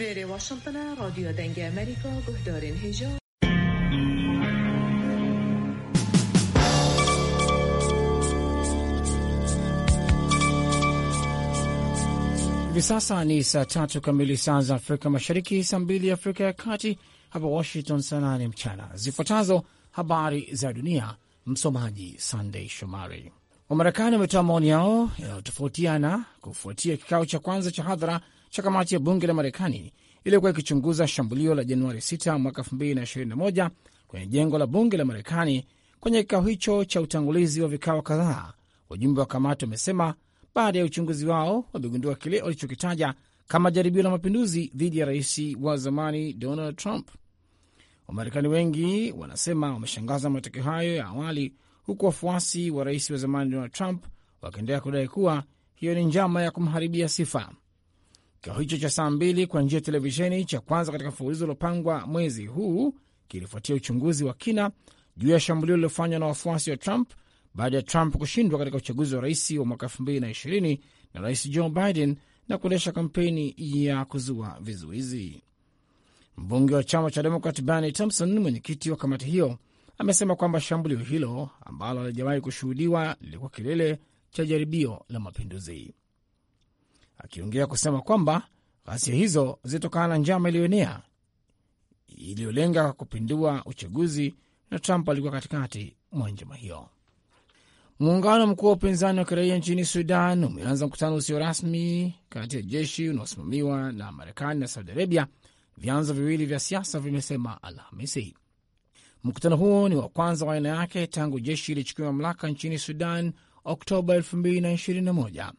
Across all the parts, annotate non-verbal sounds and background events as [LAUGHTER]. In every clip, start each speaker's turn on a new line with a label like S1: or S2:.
S1: ویری واشنگتن Radio دنگ امریکا Guhdarin Hija.
S2: Hivi sasa ni saa tatu kamili saa za Afrika Mashariki, saa mbili Afrika ya Kati, hapa Washington saa nane mchana. Zifuatazo habari za dunia, msomaji Sandei Shomari. Wamarekani wametoa maoni yao yanayotofautiana kufuatia kikao cha kwanza cha hadhara cha kamati ya bunge la Marekani iliyokuwa ikichunguza shambulio la Januari 6 mwaka 2021 kwenye jengo la bunge la Marekani. Kwenye kikao hicho cha utangulizi wa vikao kadhaa, wajumbe wa kamati wamesema baada ya uchunguzi wao wamegundua kile walichokitaja kama jaribio la mapinduzi dhidi ya rais wa zamani Donald Trump. Wamarekani wengi wanasema wameshangazwa matokeo hayo ya awali, huku wafuasi wa rais wa zamani Donald Trump wakiendelea kudai kuwa hiyo ni njama ya kumharibia sifa. Kikao hicho cha saa mbili kwa njia ya televisheni, cha kwanza katika mfululizo uliopangwa mwezi huu, kilifuatia uchunguzi wa kina juu ya shambulio lililofanywa na wafuasi wa Trump baada ya Trump kushindwa katika uchaguzi wa rais wa mwaka 2020 na rais Joe Biden na kuendesha kampeni ya kuzua vizuizi. Mbunge wa chama cha Demokrat Barney Thompson, mwenyekiti wa kamati hiyo, amesema kwamba shambulio hilo ambalo halijawahi kushuhudiwa lilikuwa kilele cha jaribio la mapinduzi akiongea kusema kwamba ghasia hizo zilitokana na njama iliyoenea iliyolenga kwa kupindua uchaguzi na Trump alikuwa katikati mwa njama hiyo. Muungano mkuu wa upinzani wa kiraia nchini Sudan umeanza mkutano usio rasmi kati ya jeshi unaosimamiwa na Marekani na Saudi Arabia, vyanzo viwili vya siasa vimesema Alhamisi. Mkutano huo ni wa kwanza wa aina yake tangu jeshi ilichukua mamlaka nchini Sudan Oktoba 2021.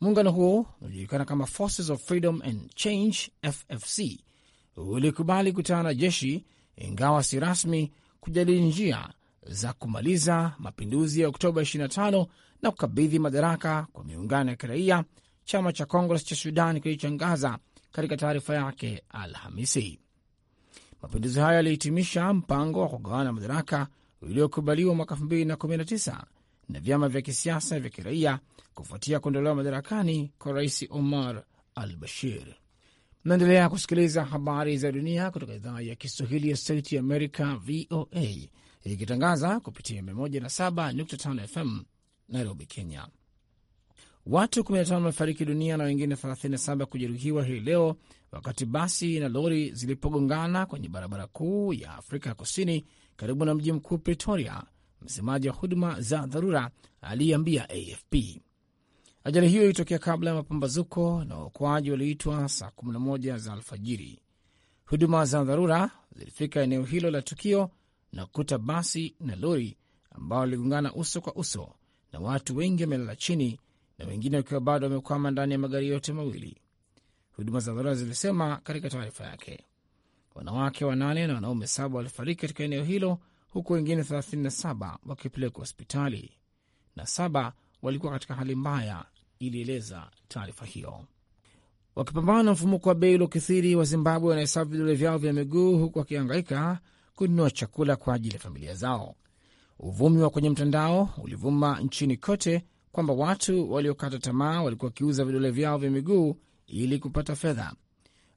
S2: Muungano huo unajulikana kama Forces of Freedom and Change, FFC, ulikubali kutana na jeshi, ingawa si rasmi, kujadili njia za kumaliza mapinduzi ya Oktoba 25 na kukabidhi madaraka kwa miungano ya kiraia, chama cha Congress cha Sudan kilichotangaza katika taarifa yake Alhamisi. Mapinduzi hayo yalihitimisha mpango wa kugawana madaraka uliokubaliwa mwaka 2019 na vyama vya kisiasa vya kiraia kufuatia kuondolewa madarakani kwa rais Omar al Bashir. Mnaendelea kusikiliza habari za dunia kutoka idhaa ya Kiswahili ya Sauti ya Amerika, VOA, ikitangaza kupitia 107.5 FM Nairobi, Kenya. Watu 15 wamefariki dunia na wengine 37 kujeruhiwa hii leo wakati basi na lori zilipogongana kwenye barabara kuu ya Afrika ya Kusini karibu na mji mkuu Pretoria, msemaji wa huduma za dharura aliyeambia AFP. Ajali hiyo ilitokea kabla ya mapambazuko na waokoaji walioitwa saa 11 za alfajiri. Huduma za dharura zilifika eneo hilo la tukio na kukuta basi na lori ambao waligongana uso kwa uso, na watu wengi wamelala chini na wengine wakiwa bado wamekwama ndani ya magari yote mawili. Huduma za dharura zilisema katika taarifa yake, wanawake wanane na wanaume saba walifariki katika eneo hilo huku wengine 37 wakipelekwa hospitali na saba walikuwa katika hali mbaya, ilieleza taarifa hiyo. Wakipambana na mfumuko wa bei uliokithiri, wa Zimbabwe wanahesabu vidole vyao vya miguu huku wakihangaika kununua chakula kwa ajili ya familia zao. Uvumi wa kwenye mtandao ulivuma nchini kote kwamba watu waliokata tamaa walikuwa wakiuza vidole vyao vya miguu ili kupata fedha.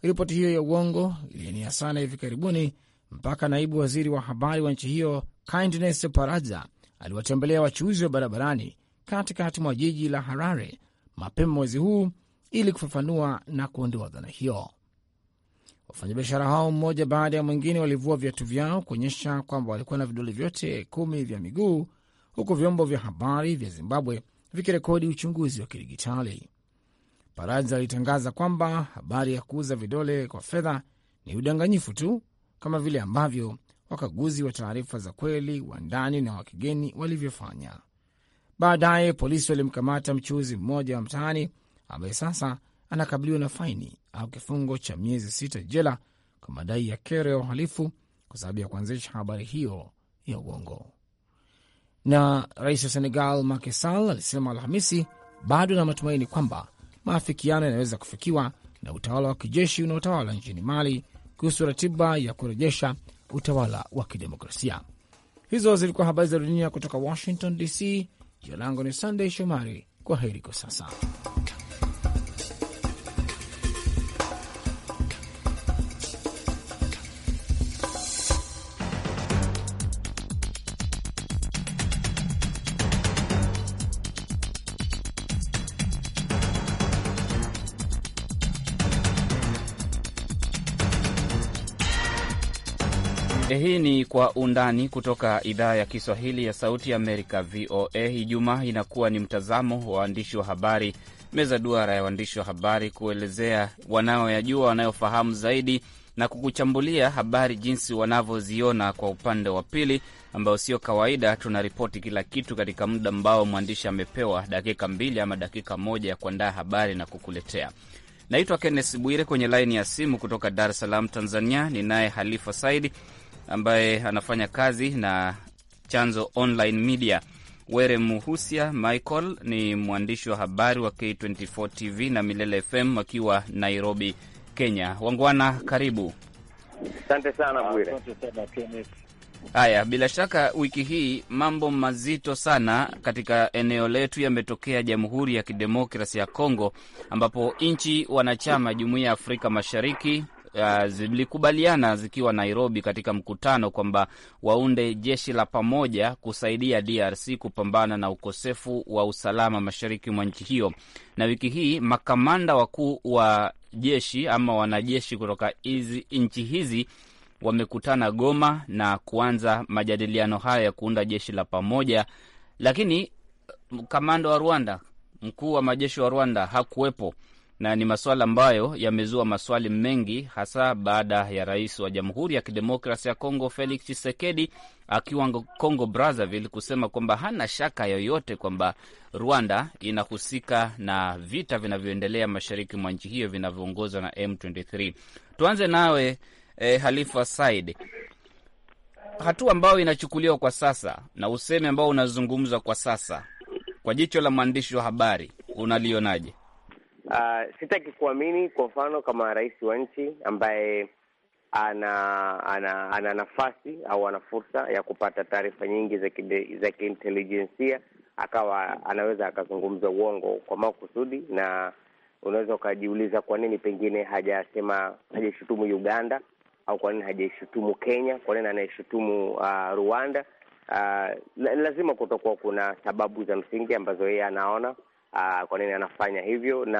S2: Ripoti hiyo ya uongo ilienea sana hivi karibuni mpaka naibu waziri wa habari wa nchi hiyo Kindness Paraza aliwatembelea wachuuzi wa barabarani katikati mwa jiji la Harare mapema mwezi huu ili kufafanua na kuondoa dhana hiyo. Wafanyabiashara hao mmoja baada ya mwingine walivua viatu vyao kuonyesha kwamba walikuwa na vidole vyote kumi vya miguu, huku vyombo vya habari vya Zimbabwe vikirekodi uchunguzi wa kidigitali. Paraza alitangaza kwamba habari ya kuuza vidole kwa fedha ni udanganyifu tu kama vile ambavyo wakaguzi wa taarifa za kweli wa ndani na wa kigeni walivyofanya. Baadaye polisi walimkamata mchuuzi mmoja wa mtaani ambaye sasa anakabiliwa na faini au kifungo cha miezi sita jela kwa madai ya kero ya uhalifu kwa sababu ya kuanzisha habari hiyo ya uongo. Na rais wa Senegal Macky Sall alisema Alhamisi bado na matumaini kwamba maafikiano yanaweza kufikiwa na utawala wa kijeshi unaotawala nchini Mali kuhusu ratiba ya kurejesha utawala wa kidemokrasia. Hizo zilikuwa habari za dunia kutoka Washington DC. Jina langu ni sandey Shomari. Kwa heri kwa sasa.
S1: Hii ni Kwa Undani kutoka idhaa ya Kiswahili ya Sauti Amerika, VOA. Ijumaa inakuwa ni mtazamo wa waandishi wa habari, meza duara ya waandishi wa habari kuelezea wanaoyajua, wanayofahamu zaidi na kukuchambulia habari jinsi wanavyoziona kwa upande wa pili, ambao sio kawaida. Tunaripoti kila kitu katika muda ambao mwandishi amepewa dakika mbili ama dakika moja ya kuandaa habari na kukuletea. Naitwa kennes Bwire, kwenye laini ya simu kutoka Dar es Salaam, Tanzania, ninaye Halifa Saidi ambaye anafanya kazi na Chanzo Online Media. Were Muhusia Michael ni mwandishi wa habari wa K24 TV na Milele FM akiwa Nairobi, Kenya. Wangwana, karibu.
S3: Asante sana Bwire.
S1: Haya, bila shaka wiki hii mambo mazito sana katika eneo letu yametokea Jamhuri ya Kidemokrasi ya Kongo, ambapo nchi wanachama Jumuiya ya Afrika Mashariki uh, zilikubaliana zikiwa Nairobi katika mkutano kwamba waunde jeshi la pamoja kusaidia DRC kupambana na ukosefu wa usalama mashariki mwa nchi hiyo. Na wiki hii makamanda wakuu wa jeshi ama wanajeshi kutoka hizi nchi hizi wamekutana Goma na kuanza majadiliano hayo ya kuunda jeshi la pamoja, lakini kamanda wa Rwanda, mkuu wa majeshi wa Rwanda hakuwepo na ni masuala ambayo yamezua maswali mengi, hasa baada ya rais wa Jamhuri ya Kidemokrasi ya Kongo Felix Tshisekedi akiwa Kongo Brazzaville kusema kwamba hana shaka yoyote kwamba Rwanda inahusika na vita vinavyoendelea mashariki mwa nchi hiyo vinavyoongozwa na M23. Tuanze nawe eh, Halifa Said, hatua ambayo inachukuliwa kwa sasa na usemi ambao unazungumzwa kwa sasa, kwa jicho la mwandishi wa habari unalionaje?
S4: Uh, sitaki kuamini kwa mfano kama rais wa nchi ambaye ana ana, ana nafasi au ana fursa ya kupata taarifa nyingi za kiintelijensia akawa anaweza akazungumza uongo kwa makusudi, na unaweza ukajiuliza kwa nini pengine hajasema hajaishutumu Uganda au kwa nini hajaishutumu Kenya, kwa nini anaishutumu uh, ah, Rwanda? Uh, lazima kutokuwa kuna sababu za msingi ambazo yeye anaona uh, kwa nini anafanya hivyo na,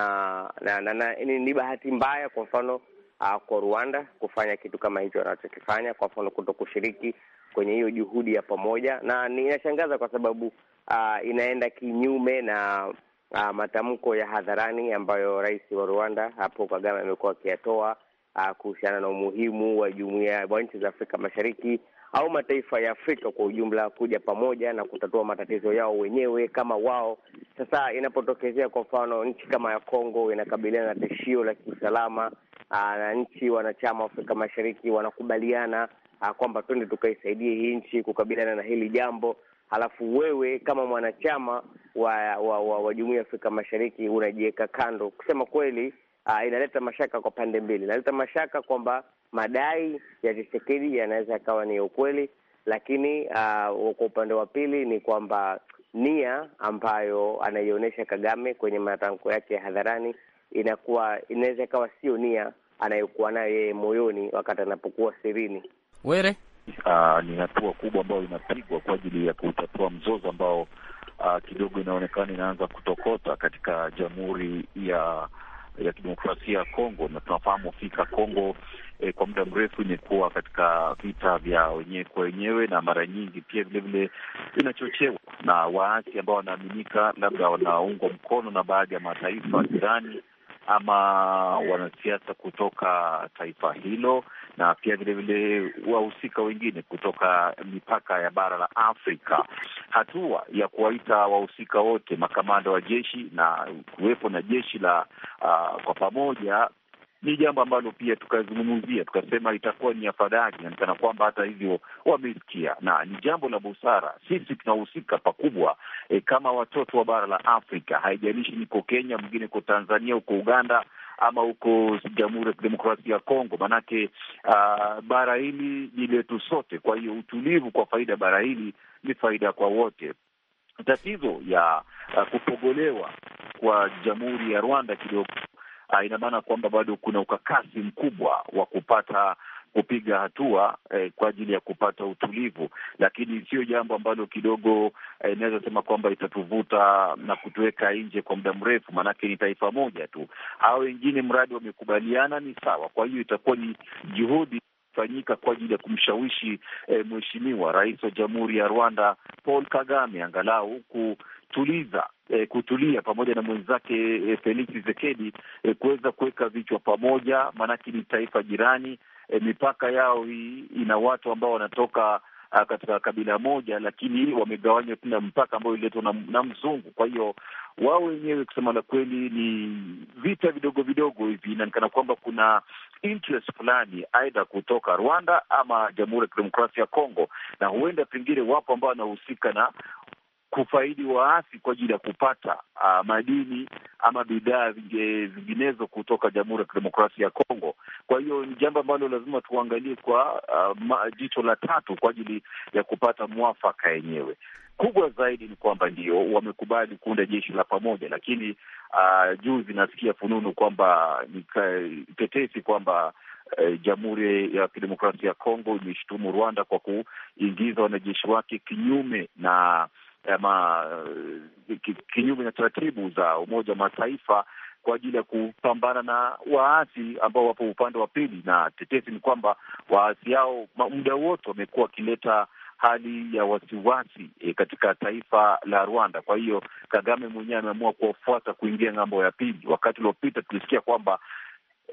S4: na, na, na ni, ni bahati mbaya kwa mfano uh, kwa Rwanda kufanya kitu kama hicho anachokifanya, kwa mfano kuto kushiriki kwenye hiyo juhudi ya pamoja, na inashangaza kwa sababu uh, inaenda kinyume na uh, matamko ya hadharani ambayo rais wa Rwanda hapo Kagame amekuwa akiyatoa uh, kuhusiana na umuhimu wa jumuiya wa nchi za Afrika Mashariki au mataifa ya Afrika kwa ujumla kuja pamoja na kutatua matatizo yao wenyewe kama wao. Sasa inapotokezea kwa mfano nchi kama ya Kongo inakabiliana na tishio la kiusalama ah, na nchi wanachama wa Afrika Mashariki wanakubaliana ah, kwamba twende tukaisaidie hii nchi kukabiliana na hili jambo, halafu wewe kama mwanachama wa wa, wa, wa Jumuiya ya Afrika Mashariki unajiweka kando, kusema kweli uh, inaleta mashaka kwa pande mbili. Inaleta mashaka kwamba madai ya Tshisekedi yanaweza yakawa ni ukweli, lakini uh, kwa upande wa pili ni kwamba nia ambayo anaionyesha Kagame kwenye matamko yake ya hadharani inakuwa inaweza ikawa sio nia anayokuwa nayo yeye moyoni wakati anapokuwa sirini.
S3: Were uh, ni hatua kubwa ambayo inapigwa kwa ajili ya kutatua mzozo ambao uh, kidogo inaonekana inaanza kutokota katika Jamhuri ya Eh, ya kidemokrasia ya Kongo, na tunafahamu fika Kongo e, kwa muda mrefu imekuwa katika vita vya wenyewe kwa wenyewe, na mara nyingi pia vilevile vinachochewa na waasi ambao wanaaminika labda wanaungwa mkono na baadhi ya mataifa jirani ama wanasiasa kutoka taifa hilo na pia vilevile wahusika wengine kutoka mipaka ya bara la Afrika. Hatua ya kuwaita wahusika wote makamanda wa jeshi na kuwepo na jeshi la uh, kwa pamoja ni jambo ambalo pia tukazungumzia, tukasema itakuwa ni afadhali, kana kwamba hata hivyo wamesikia, na ni jambo la busara. Sisi tunahusika pakubwa e, kama watoto wa bara la Afrika, haijalishi niko Kenya, mwingine ko Tanzania, uko Uganda, ama huko Jamhuri ya Kidemokrasia ya Kongo, maanake uh, ah, bara hili ni letu sote. Kwa hiyo utulivu kwa faida ya bara hili ni faida kwa wote. Tatizo ya uh, kupogolewa kwa Jamhuri ya Rwanda kidogo Uh, ina maana kwamba bado kuna ukakasi mkubwa wa kupata kupiga hatua eh, kwa ajili ya kupata utulivu, lakini sio jambo ambalo kidogo inaweza eh, sema kwamba itatuvuta na kutuweka nje kwa muda mrefu, maanake ni taifa moja tu. Hao wengine mradi wamekubaliana ni sawa. Kwa hiyo itakuwa ni juhudi fanyika kwa ajili ya kumshawishi eh, mheshimiwa rais wa Jamhuri ya Rwanda Paul Kagame angalau ku kutuliza eh, kutulia pamoja na mwenzake eh, Felix Tshisekedi eh, kuweza kuweka vichwa pamoja, maanake ni taifa jirani eh, mipaka yao hii ina watu ambao wanatoka ah, katika kabila moja, lakini wamegawanywa tuna mpaka ambayo ililetwa na, na mzungu. Kwa hiyo wao wenyewe kusema la kweli ni vita vidogo vidogo hivi, inaonekana kwamba kuna interest fulani aidha kutoka Rwanda ama Jamhuri ya Kidemokrasia ya Kongo, na huenda pengine wapo ambao wanahusika na kufaidi waasi kwa ajili ya kupata uh, madini ama bidhaa zinginezo kutoka Jamhuri ya Kidemokrasia ya Kongo. Kwa hiyo ni jambo ambalo lazima tuangalie kwa uh, jicho la tatu kwa ajili ya kupata mwafaka yenyewe. Kubwa zaidi ni kwamba ndio wamekubali kuunda jeshi la pamoja, lakini uh, ah, juu zinasikia fununu kwamba ni tetesi kwamba eh, Jamhuri ya Kidemokrasia ya Kongo imeshutumu Rwanda kwa kuingiza wanajeshi wake kinyume na ama eh, eh, kinyume na taratibu za Umoja wa Mataifa kwa ajili ya kupambana na waasi ambao wapo upande wa pili, na tetesi ni kwamba waasi hao muda wote wamekuwa wakileta hali ya wasiwasi e, katika taifa la Rwanda. Kwa hiyo Kagame mwenyewe ameamua kuwafuata kuingia ng'ambo ya pili. Wakati uliopita tulisikia kwamba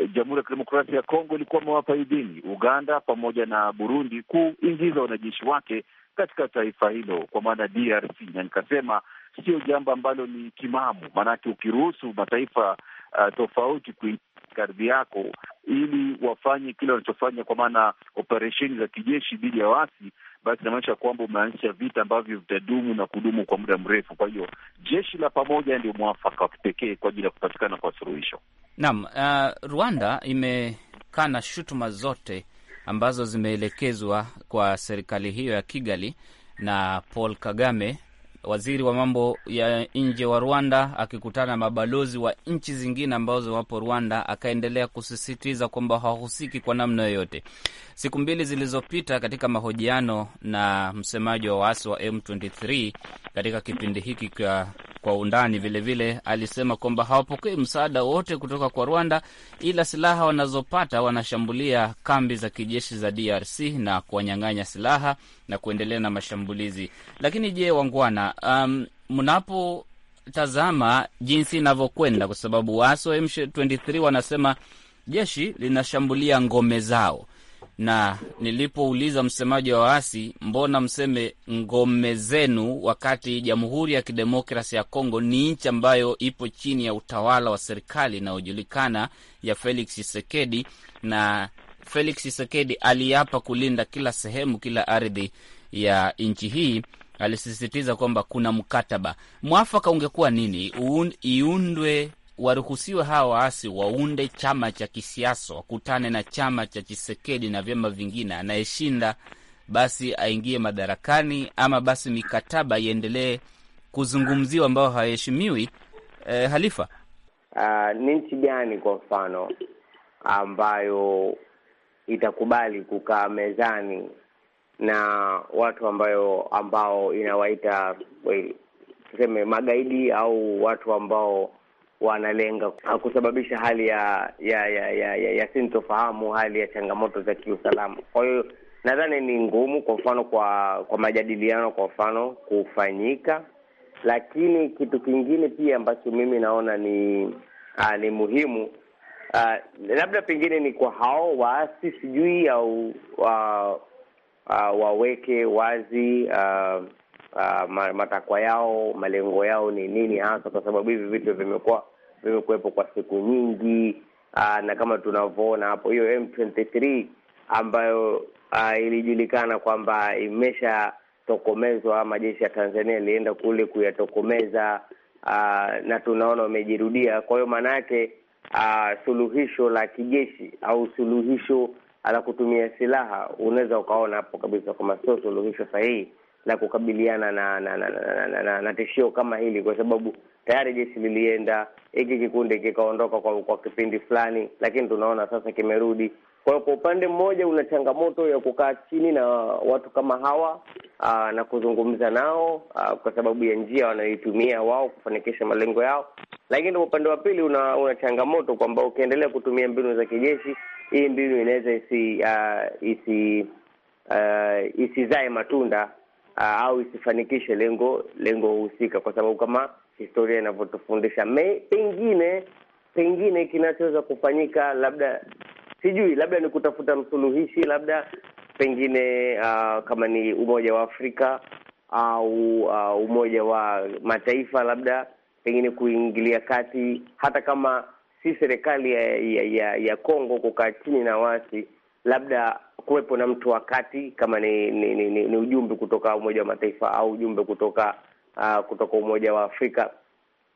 S3: Jamhuri ya Kidemokrasia ya Kongo ilikuwa imewapa idhini Uganda pamoja na Burundi kuingiza wanajeshi wake katika taifa hilo kwa maana DRC, na nikasema sio jambo ambalo ni timamu, maanake ukiruhusu mataifa uh, tofauti kuingia ardhi yako ili wafanye kile wanachofanya kwa maana operesheni za kijeshi dhidi ya waasi, basi inamaanisha kwamba umeanzisha vita ambavyo vitadumu na kudumu kwa muda mrefu. Kwa hiyo jeshi la pamoja ndio mwafaka wa kipekee kwa ajili ya kupatikana kwa suluhisho.
S1: Naam, uh, Rwanda imekana shutuma zote ambazo zimeelekezwa kwa serikali hiyo ya Kigali na Paul Kagame, waziri wa mambo ya nje wa Rwanda, akikutana na mabalozi wa nchi zingine ambazo wapo Rwanda, akaendelea kusisitiza kwamba hawahusiki kwa namna yoyote. Siku mbili zilizopita, katika mahojiano na msemaji wa waasi wa M23 katika kipindi hiki cha kwa undani. Vilevile vile, alisema kwamba hawapokei msaada wote kutoka kwa Rwanda, ila silaha wanazopata wanashambulia kambi za kijeshi za DRC na kuwanyang'anya silaha na kuendelea na mashambulizi. Lakini je, wangwana, um, mnapotazama jinsi inavyokwenda, kwa sababu waasi wa M23 wanasema jeshi linashambulia ngome zao na nilipouliza msemaji wa waasi, mbona mseme ngome zenu, wakati Jamhuri ya Kidemokrasi ya Kongo ni nchi ambayo ipo chini ya utawala wa serikali inayojulikana ya Felix Tshisekedi, na Felix hisekedi aliapa kulinda kila sehemu, kila ardhi ya nchi hii. Alisisitiza kwamba kuna mkataba mwafaka. Ungekuwa nini? Iundwe waruhusiwe hawa waasi waunde chama cha kisiasa, wakutane na chama cha Chisekedi na vyama vingine, anayeshinda basi aingie madarakani, ama basi mikataba iendelee kuzungumziwa ambayo hawaheshimiwi. E, eh, Halifa,
S4: uh, ni nchi gani kwa mfano ambayo itakubali kukaa mezani na watu ambayo ambao inawaita eh, tuseme magaidi au watu ambao wanalenga kusababisha hali ya ya ya ya, ya, ya sintofahamu, hali ya changamoto za kiusalama. Kwa hiyo nadhani ni ngumu, kwa mfano kwa kwa majadiliano, kwa mfano kufanyika. Lakini kitu kingine pia ambacho mimi naona ni aa, ah, ni muhimu aa, ah, labda pengine ni kwa hao waasi sijui au ah, waweke wazi aa, Uh, matakwa yao, malengo yao ni nini hasa, kwa sababu hivi vitu vimekuwa vimekuwepo kwa siku nyingi aa, ah, na kama tunavyoona hapo hiyo M23 ambayo uh, ilijulikana kwamba imeshatokomezwa, majeshi ya Tanzania ilienda kule kuyatokomeza uh, na tunaona wamejirudia. Kwa hiyo maana yake suluhisho la kijeshi au suluhisho la kutumia silaha unaweza ukaona hapo kabisa kwamba sio suluhisho sahihi la kukabiliana na na, na, na, na, na, na tishio kama hili kwa sababu tayari jeshi lilienda, hiki kikundi kikaondoka kwa, kwa kipindi fulani, lakini tunaona sasa kimerudi. Kwa hiyo kwa upande mmoja una changamoto ya kukaa chini na watu kama hawa aa, na kuzungumza nao aa, kwa sababu ya njia wanayoitumia wao kufanikisha malengo yao, lakini kwa upande wa pili una, una changamoto kwamba ukiendelea kutumia mbinu za kijeshi, hii mbinu inaweza isi, isi isizae matunda au isifanikishe lengo lengo husika, kwa sababu kama historia inavyotufundisha. Pengine pengine kinachoweza kufanyika labda sijui, labda ni kutafuta msuluhishi, labda pengine uh, kama ni Umoja wa Afrika au uh, Umoja wa Mataifa, labda pengine kuingilia kati, hata kama si serikali ya ya, ya, ya Kongo kukaa chini na wasi, labda kuwepo na mtu wa kati, kama ni ni, ni, ni, ni ujumbe kutoka Umoja wa Mataifa au ujumbe kutoka uh, kutoka Umoja wa Afrika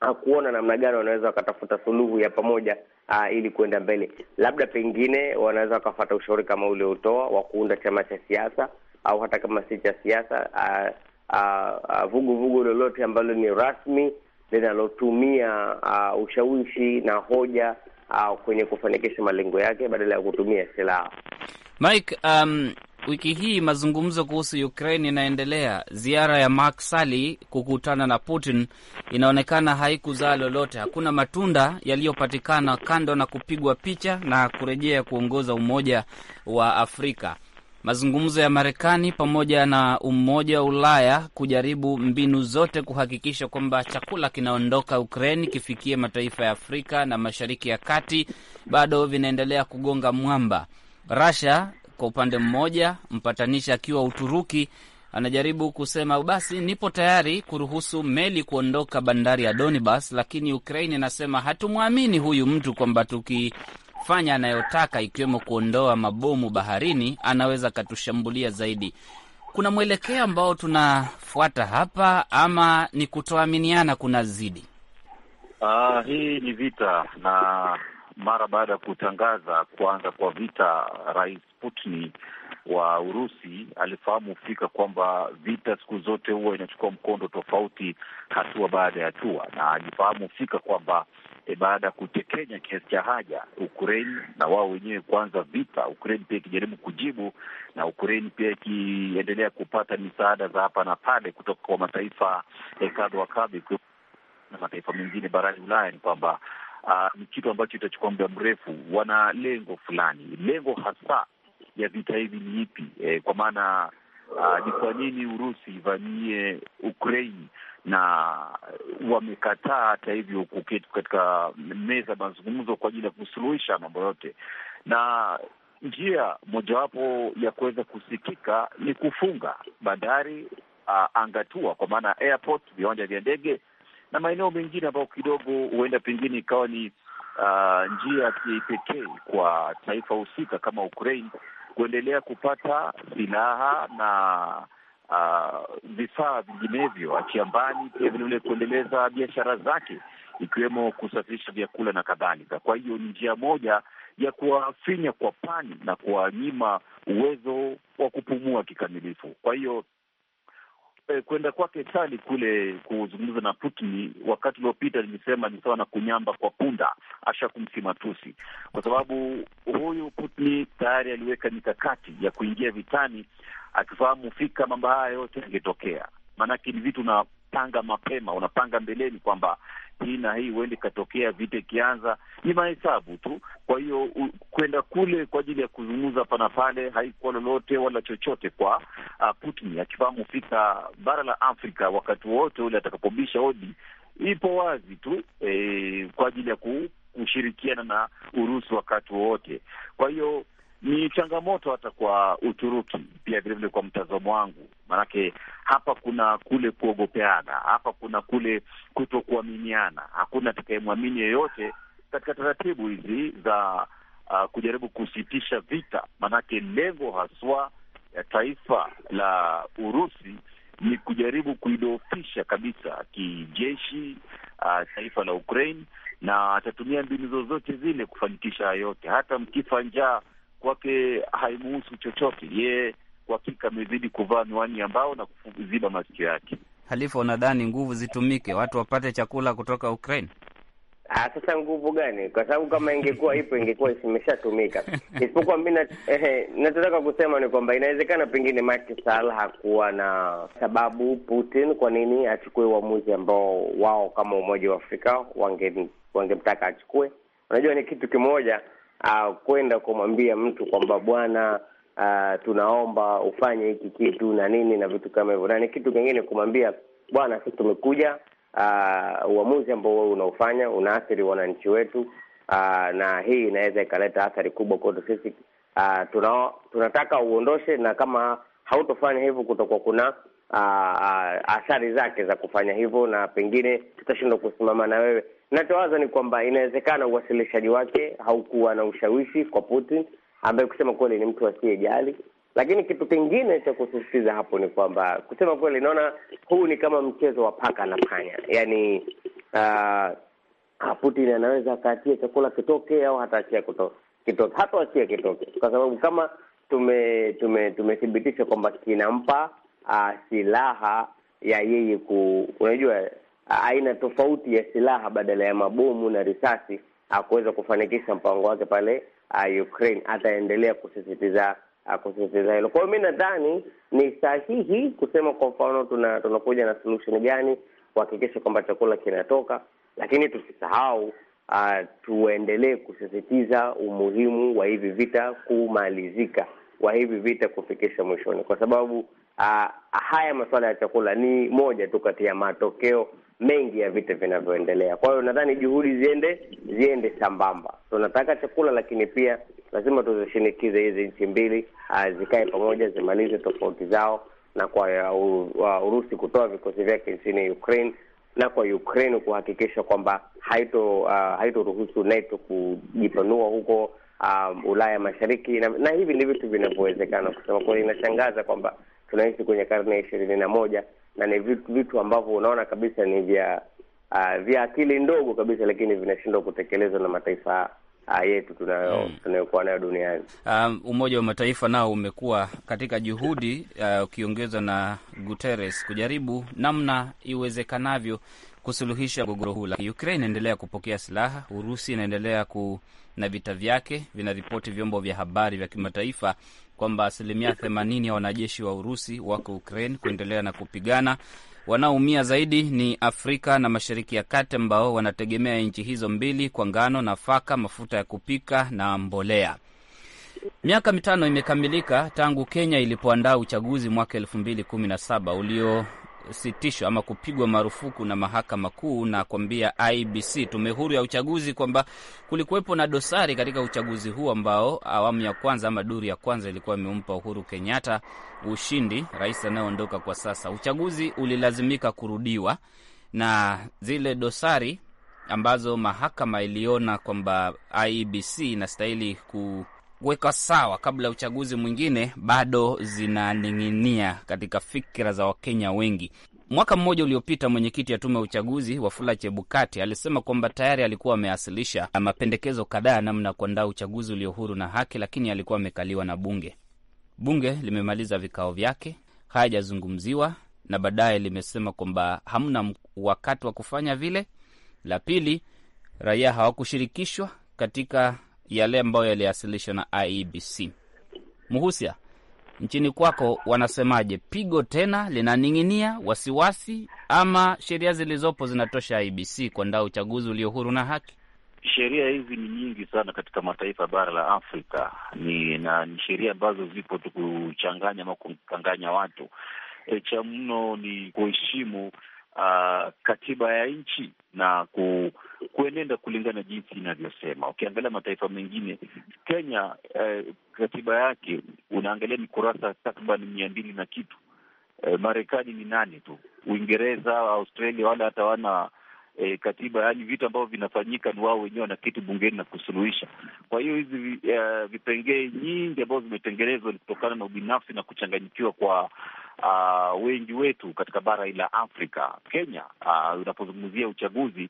S4: uh, kuona namna gani wanaweza wakatafuta suluhu ya pamoja uh, ili kuenda mbele. Labda pengine wanaweza wakafata ushauri kama ule utoa wa kuunda chama cha siasa au hata kama si cha siasa vuguvugu uh, uh, uh, lolote ambalo ni rasmi linalotumia uh, ushawishi na hoja uh, kwenye kufanikisha malengo yake badala ya kutumia silaha
S1: Mike, um wiki hii mazungumzo kuhusu Ukraine inaendelea. Ziara ya Mark Sali kukutana na Putin inaonekana haikuzaa lolote, hakuna matunda yaliyopatikana kando na kupigwa picha na kurejea kuongoza Umoja wa Afrika. Mazungumzo ya Marekani pamoja na Umoja wa Ulaya kujaribu mbinu zote kuhakikisha kwamba chakula kinaondoka Ukraine kifikie mataifa ya Afrika na Mashariki ya Kati bado vinaendelea kugonga mwamba. Russia kwa upande mmoja, mpatanishi akiwa Uturuki anajaribu kusema basi, nipo tayari kuruhusu meli kuondoka bandari ya Donibas, lakini ukrain inasema hatumwamini huyu mtu kwamba tukifanya anayotaka, ikiwemo kuondoa mabomu baharini, anaweza akatushambulia zaidi. Kuna mwelekeo ambao tunafuata hapa, ama ni kutoaminiana zidi?
S3: Uh, ah, hii ni vita na mara baada ya kutangaza kuanza kwa vita, Rais Putin wa Urusi alifahamu fika kwamba vita siku zote huwa inachukua mkondo tofauti, hatua baada ya hatua, na alifahamu fika kwamba e, baada ya kutekenya kiasi cha haja Ukraine na wao wenyewe kuanza vita, Ukraine pia ikijaribu kujibu na Ukraine pia ikiendelea kupata misaada za hapa na pale kutoka kwa mataifa eh, kadha wa kadha na mataifa mengine barani Ulaya, ni kwamba Ah, ni kitu ambacho itachukua muda mrefu. Wana lengo fulani, lengo hasa ya vita hivi ni ipi? E, kwa maana Uh, ni kwa nini Urusi ivamie ukrain na wamekataa hata hivyo kuketi katika meza mazungumzo kwa ajili ya kusuluhisha mambo yote, na njia mojawapo ya kuweza kusikika ni kufunga bandari uh, angatua, kwa maana airport, viwanja vya ndege na maeneo mengine ambayo kidogo huenda pengine ikawa ni uh, njia ya kipekee kwa taifa husika kama Ukraine kuendelea kupata silaha na ah, vifaa vinginevyo, achiambani pia vilevile kuendeleza biashara zake ikiwemo kusafirisha vyakula na kadhalika. Kwa hiyo ni njia moja ya kuwafinya kwa pani na kuwanyima uwezo wa kupumua kikamilifu. Kwa hiyo eh, kwenda kwake tali kule kuzungumza na Putin wakati uliopita, nilisema ni sawa na kunyamba kwa punda, kumsi matusi, kwa sababu huyu Putin tayari aliweka mikakati ya kuingia vitani akifahamu fika mambo haya yote yangetokea, maanake ni vitu na unapanga mapema, unapanga mbeleni kwamba hii na hii huenda ikatokea, vita ikianza ni mahesabu tu. Kwa hiyo kwenda kule kwa ajili ya kuzungumza pana pale haikuwa lolote wala chochote kwa uh, Putin, akifahamu fika bara la Afrika wakati wowote ule atakapobisha hodi ipo wazi tu eh, kwa ajili ya kushirikiana na Urusi wakati wowote. Kwa hiyo ni changamoto hata kwa Uturuki pia vilevile, kwa mtazamo wangu, maanake hapa kuna kule kuogopeana, hapa kuna kule kutokuaminiana. Hakuna atakayemwamini yeyote katika taratibu hizi za uh, kujaribu kusitisha vita, maanake lengo haswa ya taifa la Urusi ni kujaribu kuidoofisha kabisa kijeshi uh, taifa la Ukraine, na atatumia mbinu zozote zile kufanikisha yote, hata mkifa njaa kwake haimuhusu chochote. Ye kwa hakika amezidi kuvaa miwani ya mbao na kuziba masikio yake.
S1: Halifa, unadhani nguvu zitumike watu wapate chakula kutoka Ukraine?
S4: Ah, sasa nguvu gani? Kwa sababu kama ingekuwa ipo ingekuwa imeshatumika. [LAUGHS] Isipokuwa mi eh, nachotaka kusema ni kwamba inawezekana pengine Macky Sall hakuwa na sababu Putin kwa nini achukue uamuzi ambao wao kama Umoja wa Afrika wangemtaka wange achukue. Unajua ni kitu kimoja uh, kwenda kumwambia mtu kwamba bwana, uh, tunaomba ufanye hiki kitu na nini na vitu kama hivyo, na ni kitu kingine kumwambia bwana, sisi tumekuja uh, uamuzi ambao wewe unaofanya unaathiri wananchi wetu uh, na hii inaweza ikaleta athari kubwa kwetu sisi uh, tuna, tunataka uondoshe, na kama hautofanya hivyo kutakuwa kuna athari zake za kufanya hivyo, na pengine tutashindwa kusimama na wewe. Nachowaza ni kwamba inawezekana uwasilishaji wake haukuwa na ushawishi kwa Putin, ambaye kusema kweli ni mtu asiyejali. Lakini kitu kingine cha kusisitiza hapo ni kwamba kusema kweli, naona huu ni kama mchezo wa paka na panya, yaani uh, Putin anaweza akaatia chakula kitoke au hataachia kitoke, hataachia kitoke, kwa sababu kama tume- tumethibitisha tume kwamba kinampa uh, silaha ya yeye ku, unajua uh, aina tofauti ya silaha badala ya mabomu na risasi uh, kuweza kufanikisha mpango wake pale uh, Ukraine. Ataendelea kusisitiza uh, kusisitiza hilo. Kwa hiyo mi nadhani ni sahihi kusema, kwa mfano, tuna tunakuja na solution gani kuhakikisha kwamba chakula kinatoka, lakini tusisahau Uh, tuendelee kusisitiza umuhimu wa hivi vita kumalizika, wa hivi vita kufikisha mwishoni, kwa sababu uh, haya masuala ya chakula ni moja tu kati ya matokeo mengi ya vita vinavyoendelea. Kwa hiyo nadhani juhudi ziende ziende sambamba, tunataka chakula, lakini pia lazima tuzishinikize hizi nchi mbili uh, zikae pamoja, zimalize tofauti zao, na kwa uh, Urusi kutoa vikosi vyake nchini Ukraine na kwa Ukraine kuhakikisha kwamba haito uh, haitoruhusu NATO kujipanua huko um, Ulaya Mashariki na, na hivi ndivyo vitu vinavyowezekana. Kusema kweli, inashangaza kwamba tunaishi kwenye karne ishirini na moja na ni vitu, vitu ambavyo unaona kabisa ni vya uh, vya akili ndogo kabisa, lakini vinashindwa kutekelezwa na mataifa uh, yetu tunayo hmm. tunayokuwa nayo duniani.
S1: Um, Umoja wa Mataifa nao umekuwa katika juhudi uh, ukiongezwa na Guterres kujaribu namna iwezekanavyo kusuluhisha mgogoro huu. Ukraine inaendelea kupokea silaha, Urusi inaendelea ku na vita vyake, vinaripoti vyombo vya habari vya kimataifa kwamba asilimia themanini ya wanajeshi wa Urusi wako Ukraine kuendelea na kupigana. Wanaoumia zaidi ni Afrika na Mashariki ya Kati ambao wanategemea nchi hizo mbili kwa ngano, nafaka, mafuta ya kupika na mbolea. Miaka mitano imekamilika tangu Kenya ilipoandaa uchaguzi mwaka elfu mbili kumi na saba ulio sitisho ama kupigwa marufuku na mahakama kuu na kuambia IBC, tume huru ya uchaguzi, kwamba kulikuwepo na dosari katika uchaguzi huu ambao awamu ya kwanza ama duru ya kwanza ilikuwa imempa Uhuru Kenyatta ushindi, rais anayeondoka kwa sasa. Uchaguzi ulilazimika kurudiwa na zile dosari ambazo mahakama iliona kwamba IBC inastahili ku kuweka sawa kabla ya uchaguzi mwingine bado zinaning'inia katika fikira za Wakenya wengi. Mwaka mmoja uliopita mwenyekiti ya tume ya uchaguzi Wafula Chebukati alisema kwamba tayari alikuwa amewasilisha mapendekezo kadhaa namna ya kuandaa uchaguzi ulio huru na haki, lakini alikuwa amekaliwa na bunge. Bunge limemaliza vikao vyake, hayajazungumziwa na baadaye limesema kwamba hamna wakati wa kufanya vile. La pili, raia hawakushirikishwa katika yale ambayo yaliwasilishwa na IEBC. Muhusia, nchini kwako wanasemaje? Pigo tena linaning'inia, wasiwasi ama sheria zilizopo zinatosha IEBC kuandaa uchaguzi ulio huru na haki?
S3: Sheria hizi ni nyingi sana katika mataifa bara la Afrika ni na ni sheria ambazo zipo tu kuchanganya ama kukanganya watu. E, cha mno ni kuheshimu uh, katiba ya nchi na ku, kuenenda kulingana jinsi inavyosema. Ukiangalia mataifa mengine, Kenya uh, katiba yake unaangalia ni kurasa takriban mia mbili na kitu Uh, Marekani ni nane tu, Uingereza, Australia wala hata wana E, eh, katiba yaani, vitu ambavyo vinafanyika ni wao wenyewe wanaketi bungeni na kusuluhisha. Kwa hiyo hizi uh, vipengee nyingi ambavyo zimetengenezwa ni kutokana na ubinafsi na kuchanganyikiwa kwa uh, wengi wetu katika bara hili la Afrika. Kenya uh, unapozungumzia uh, uchaguzi,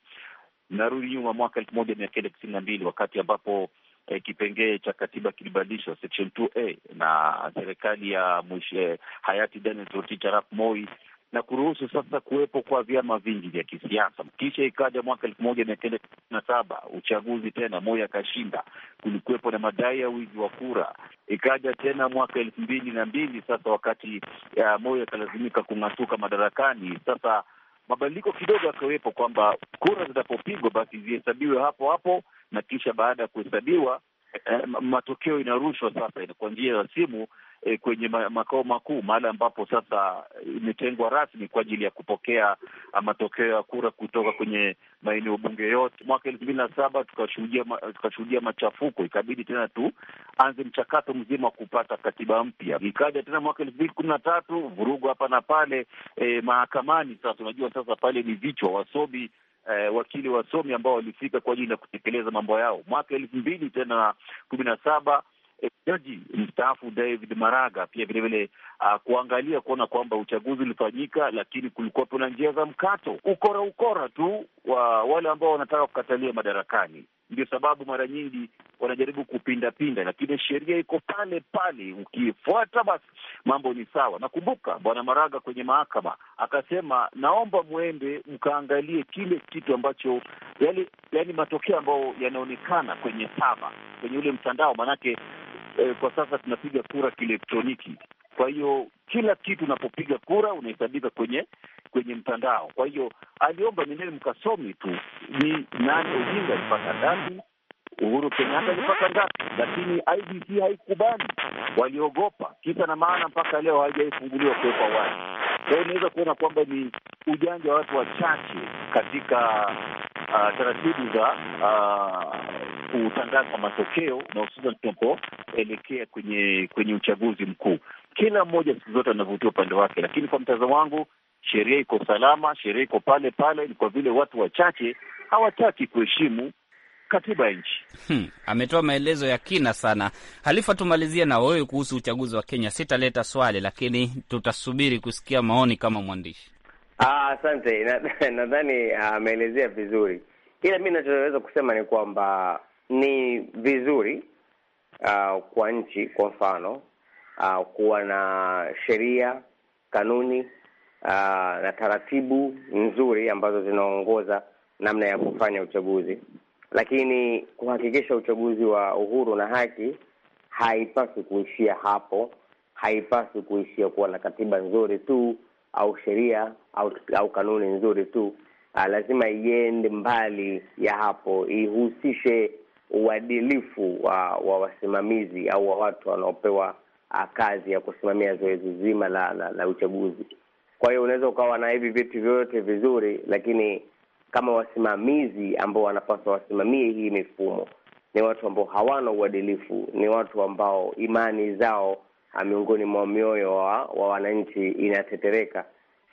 S3: narudi nyuma mwaka elfu moja mia kenda tisini na mbili wakati ambapo eh, kipengee cha katiba kilibadilishwa section 2A na serikali ya mwishe eh, hayati Daniel Toroitich arap Moi na kuruhusu sasa kuwepo kwa vyama vingi vya kisiasa. Kisha ikaja mwaka elfu moja mia kenda na saba uchaguzi tena, Moi akashinda, kulikuwepo na madai ya wizi wa kura. Ikaja tena mwaka elfu mbili na mbili sasa wakati moya Moi akalazimika kung'atuka madarakani. Sasa mabadiliko kidogo yakawepo kwamba kura zinapopigwa basi zihesabiwe hapo hapo, na kisha baada ya kuhesabiwa eh, matokeo inarushwa sasa kwa njia ya simu e, kwenye makao makuu, mahala ambapo sasa imetengwa rasmi kwa ajili ya kupokea ah, matokeo ya kura kutoka kwenye maeneo bunge yote. Mwaka elfu mbili na saba tukashuhudia tukashuhudia machafuko, ikabidi tena tuanze mchakato mzima wa kupata katiba mpya. Ikaja tena mwaka elfu mbili kumi na tatu vurugu hapa na pale e, mahakamani. Sasa unajua sasa pale ni vichwa wasomi Eh, wakili wasomi ambao walifika kwa ajili ya kutekeleza mambo yao. Mwaka elfu mbili tena kumi na saba Eh, jaji mstaafu David Maraga pia vilevile uh, ah, kuangalia kuona kwamba uchaguzi ulifanyika, lakini kulikuwa na njia za mkato, ukora ukora tu wa wale ambao wanataka kukatalia madarakani. Ndio sababu mara nyingi wanajaribu kupindapinda, lakini sheria iko pale pale, ukifuata basi mambo ni sawa. Nakumbuka bwana Maraga kwenye mahakama akasema, naomba mwende mkaangalie kile kitu ambacho yale, yani matokeo ambayo yanaonekana kwenye saba kwenye ule mtandao, maanake eh, kwa sasa tunapiga kura kielektroniki. Kwa hiyo kila kitu unapopiga kura unahesabika kwenye kwenye mtandao. Kwa hiyo aliomba nendeni mkasomi tu ni nani Odinga alipata ngapi, Uhuru Kenyatta mhm. alipata ngapi, lakini IBC haikubali, waliogopa. Kisa na maana mpaka leo haijaifunguliwa kuwekwa wazi. Kwa hiyo unaweza kuona kwamba ni ujanja wa watu wachache katika uh, taratibu za uh, kutangaza matokeo na hususan tunapoelekea kwenye kwenye uchaguzi mkuu. Kila mmoja siku zote anavutia upande wake, lakini kwa mtazamo wangu sheria iko salama, sheria iko pale pale. Ni kwa vile watu wachache hawataki kuheshimu katiba ya nchi.
S1: Hmm, ametoa maelezo ya kina sana. Halifa, tumalizie na wewe kuhusu uchaguzi wa Kenya. Sitaleta swali, lakini tutasubiri kusikia maoni kama mwandishi.
S4: Ah, asante. Ah, [LAUGHS] nadhani na, na, ameelezea vizuri, ila mi nachoweza kusema ni kwamba ni vizuri uh, kwa nchi kwa mfano uh, kuwa na sheria, kanuni uh, na taratibu nzuri ambazo zinaongoza namna ya kufanya uchaguzi, lakini kuhakikisha uchaguzi wa uhuru na haki haipaswi kuishia hapo. Haipaswi kuishia kuwa na katiba nzuri tu au sheria au, au kanuni nzuri tu. Uh, lazima iende mbali ya hapo, ihusishe uadilifu wa, wa wasimamizi au wa watu wanaopewa uh, kazi ya kusimamia zoezi zima la, la, la uchaguzi. Kwa hiyo unaweza ukawa na hivi vitu vyote vizuri, lakini kama wasimamizi ambao wanapaswa wasimamie hii mifumo ni watu ambao hawana uadilifu, ni watu ambao imani zao uh, miongoni mwa mioyo wa, wa wananchi inatetereka,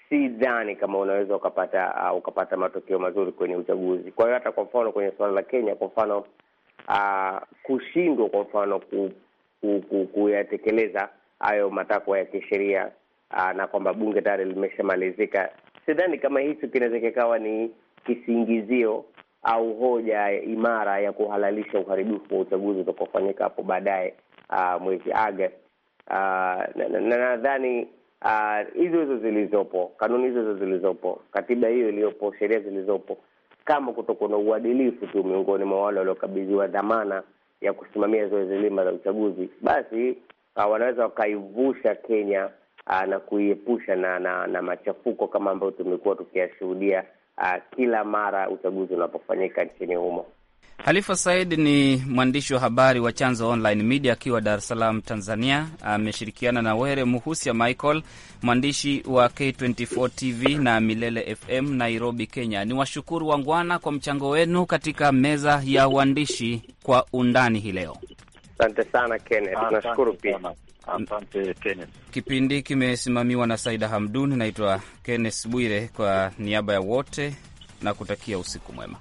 S4: si dhani kama unaweza ukapata uh, ukapata matokeo mazuri kwenye uchaguzi. Kwa hiyo hata kwa mfano kwenye suala la Kenya, kwa mfano uh, kushindwa kwa mfano ku, ku, ku, kuyatekeleza hayo matakwa ya kisheria uh, na kwamba bunge tayari limeshamalizika, sidhani kama hicho kinaweza kikawa ni kisingizio au hoja imara ya kuhalalisha uharibifu wa uchaguzi utakaofanyika hapo baadaye uh, mwezi Agosti. Uh, na nadhani hizo uh, hizo zilizopo, kanuni hizo hizo zilizopo, katiba hiyo iliyopo, sheria zilizopo kama kutokuwa na uadilifu tu miongoni mwa wale waliokabidhiwa dhamana ya kusimamia zoezi zima la uchaguzi, basi uh, wanaweza wakaivusha Kenya uh, na kuiepusha na, na na machafuko kama ambayo tumekuwa tukiyashuhudia uh, ah, kila mara uchaguzi unapofanyika nchini humo.
S1: Halifa Said ni mwandishi wa habari wa Chanzo Online Media akiwa Dar es Salaam, Tanzania. Ameshirikiana na Were Muhusia Michael, mwandishi wa K24 TV na Milele FM Nairobi, Kenya. Ni washukuru wangwana kwa mchango wenu katika meza ya uandishi kwa undani hii leo.
S4: Asante sana Kenneth, nashukuru pia.
S1: Kipindi kimesimamiwa na Saida Hamdun. Naitwa Kenneth Bwire kwa niaba ya wote na kutakia usiku mwema.